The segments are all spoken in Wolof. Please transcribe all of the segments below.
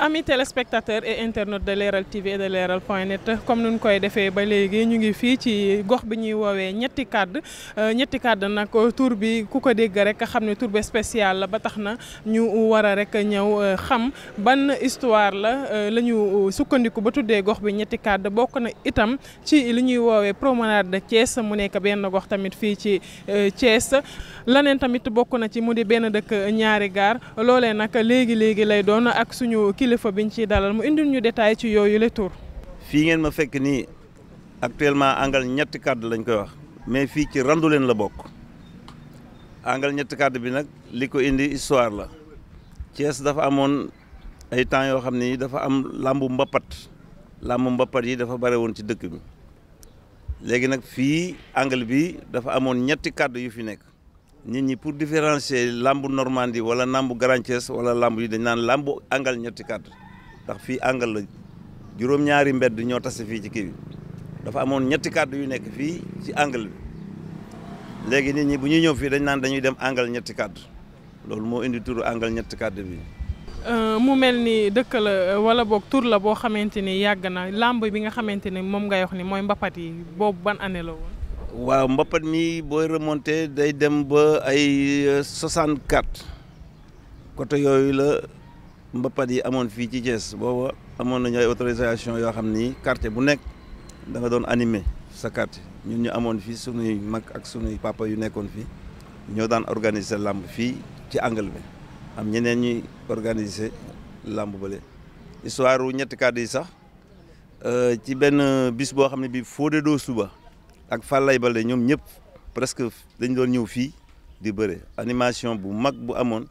amis téléspectateurs et internautes de Leral TV et de Leral point net comme nun koy defee ba léegi ñu ngi fii ci gox bi ñuy woowee ñetti kàdd euh, ñetti kàdd nag tur bi ku ko dégg rek xam ne tur bi la ba tax na ñu war a rek ñëw euh, xam ban histoire la euh, la ñu sukkandiku ba tuddee gox bi ñetti kàdd bokk na itam ci li ñuy woowe promenade de Thiès mu nekk benn gox tamit fii ci Thiès laneen tamit bokk na ci mu di benn dëkk ñaari gaar loolee nag léegi léegi lay doon ak suñu kilifa biñ ciy dalal mu indil ñu détail ci yooyu le tour fii ngeen ma fekk nii actuellement angal ñetti kàdd lañ koy wax mais fii ci randu leen la bokk angal ñetti kàdd bi nag li ko indi histoire la Thiès dafa amoon ay temps yoo xam ne dafa am làmbu mbappat làmbu mbappat yi dafa bare woon ci dëkk bi léegi nag fii angal bi dafa amoon ñetti kàdd yu fi nekk nit ñi pour différencier lambu Normandie wala lambu Grand Thiès wala lambu yi dañ naan lambu angal ñetti kàddu ndax fii angal la juróom-ñaari mbedd ñoo tase fii ci kii bi dafa amoon ñetti kàddu yu nekk fii si angal bi léegi nit ñi bu ñuy ñëw fii dañ naan dañuy dem angal ñetti kàddu loolu moo indi tur angal ñetti kàddu bi. Euh, mu mel ni dëkk la wala boog tur la boo xamante ni yàgg na làmb bi nga xamante ne moom ngay wax ni mooy mbapat yi boobu ban année la woon. waaw mbappat mi booy remonté day dem ba ay 64 euh, côté yooyu la mbappat yi amoon fii ci Thiès booba amoon nañu ay autorisation yoo xam ni quartier bu nekk da doon animé sa quartier ñun ñu amoon fii sunuy mag ak sunuy papa yu nekkoon fii ñoo daan organiser làmb fii ci angle bi am ñeneen ñuy organise làmb bële histoire wu ñetti kàddu yi sax euh, ci benn bis boo xam ne foo Fodé Doo suba. ak Falaye Baldé ñoom ñëpp presque dañ doon ñëw fii di bëre animation bu mag bu amoon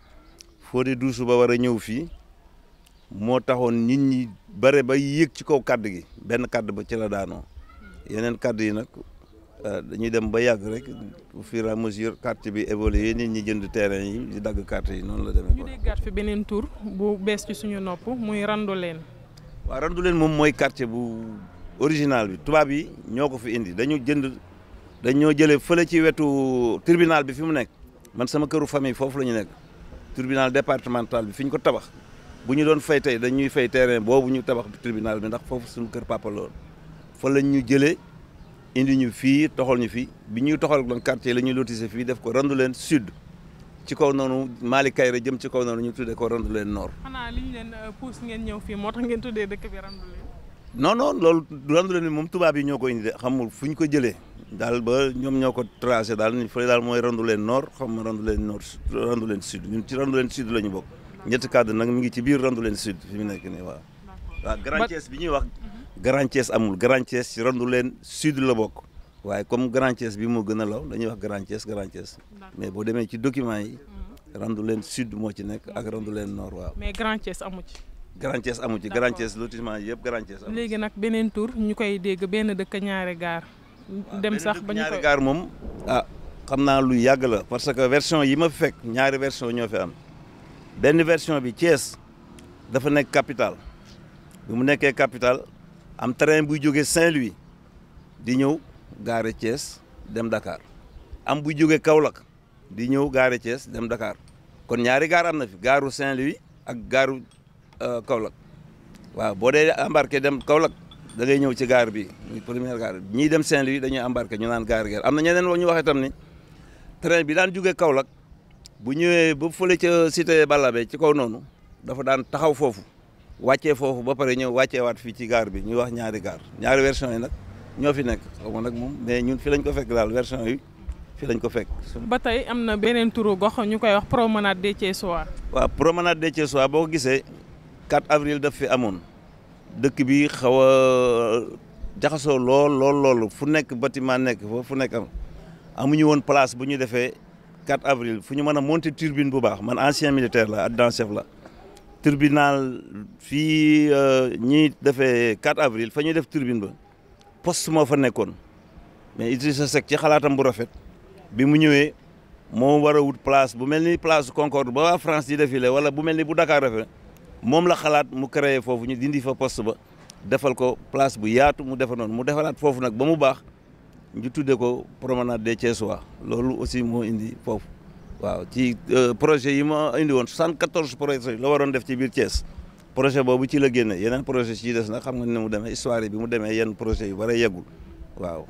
foo de Fodé ba war a ñëw fii moo taxoon nit ñi bare ba yéeg ci kaw kàdd gi benn kàdd ba ci la daanoo yeneen kàdd yi nag euh, dañuy dem ba yàgg rek au fur et à mesure carte bi évolué nit ñi jënd terrain yi di dagg carte yi noonu la demee. ñu déggaat fi beneen tour bu bees ci suñu nopp muy randu leen. waaw randu leen moom mooy quartier bu. original bi tubaab yi ñoo ko fi indi dañu jënd dañoo jëlee fële ci wetu tribunal bi fi mu nekk man sama këru famille foofu la ñu nekk tribunal départemental bi fi ñu ko tabax bu ñu doon fay tey dañuy fay terrain boobu ñu tabax tribunal bi ndax foofu suñu kër papa lool fa lañ ñu jëlee indi ñu fii toxal ñu fi bi ñuy toxal doon quartier la ñuy fi fii def ko rendu leen sud ci kaw noonu Mali Kayre jëm ci kaw noonu ñu tuddee ko rendu leen nord. leen euh, pousse moo tax ngeen tuddee dëkk bi non non loolu rendre ni moom tubaab yi ñoo ko indi de xamul fu ñu ko jëlee daal ba ñoom ñoo ko tracé daal ñu fële daal mooy rendu leen nord xam ma rendu leen nord rendu leen sud ñun ci rendu leen sud la ñu bokk ñetti cadre nag mi ngi ci biir rendu leen sud fi mu nekk nii waaw waaw Grand Thiès bi ñuy wax Grand amul Grand Thiès rendu leen sud la bokk waaye comme Grand bi moo gën a law dañuy wax Grand Thiès mais boo demee ci document yi mhm. rendu leen sud moo ci nekk ak rendu leen nord waaw mais Grand Thiès ci Grand Thiès amu ci Grand Thiès lotissement yëpp Grand Thiès amu léegi nag beneen tour ñu koy dégg benn dëkk ñaari gaar dem sax ba ñu ñaari moom ah xam naa lu yàgg la parce que version yi ma fekk ñaari version ñoo fi am benn version bi Thiès dafa nekk capital bi mu nekkee capital am train buy jóge Saint-Louis di ñëw gaare Thiès dem Dakar am buy jógee Kaolack di ñëw gaare dem Dakar kon ñaari gaar am na fi gaaru Saint-Louis ak gaaru Euh, Kaolack waaw boo dee embarqué dem Kaolack da ñëw ci gaar bi muy première gaar bi dem Saint-Louis dañuy embarqué ñu naan gaar geer am na ñeneen ñu wax itam ni train bi daan jugee Kaolack bu ñëwee ba fële ca cité Balabe ci kaw noonu dafa daan taxaw foofu wàccee foofu ba pare ñëw wàccee waat fii ci gaar bi ñuy wax ñaari gaar ñaari version yi nag ñoo fi nekk xaw nag moom mais ñun fi lañ ko fekk daal version yi fi lañ ko fekk. ba tey am na beneen turu gox ñu koy wax promenade des Thiessois. waaw promenade des Thiessois boo gisee 4 avril daf fi amoon dëkk bi xaw a euh, jaxasoo lool lool lool fu nekk bâtiment nekk fa fu nekk am amuñu woon place bu ñu defee 4 avril fu ñu mën a monter turbine bu baax man ancien militaire la adjudant chef la tribunal fii euh, ñi defee 4 avril fa ñuy def turbine ba poste moo fa nekkoon mais Idrissa Seck ci xalaatam bu rafet bi mu ñëwee moo war a wut place bu mel ni place Concorde ba waa France di défilé wala bu mel ni bu Dakar rafet moom la xalaat mu créé foofu ñu dindi fa poste ba defal ko place bu yaatu mu defa noonu mu defalaat foofu nag ba mu baax ñu tuddee ko promenade des Thiessois loolu aussi moo indi foofu waaw ci euh, projet yi ma indi woon 74 projets la waroon def ci biir Thiès projet boobu ci la génne yeneen projet ci des nag xam nga ne mu demee histoire bi mu demee yenn projet yu bare yeggul waaw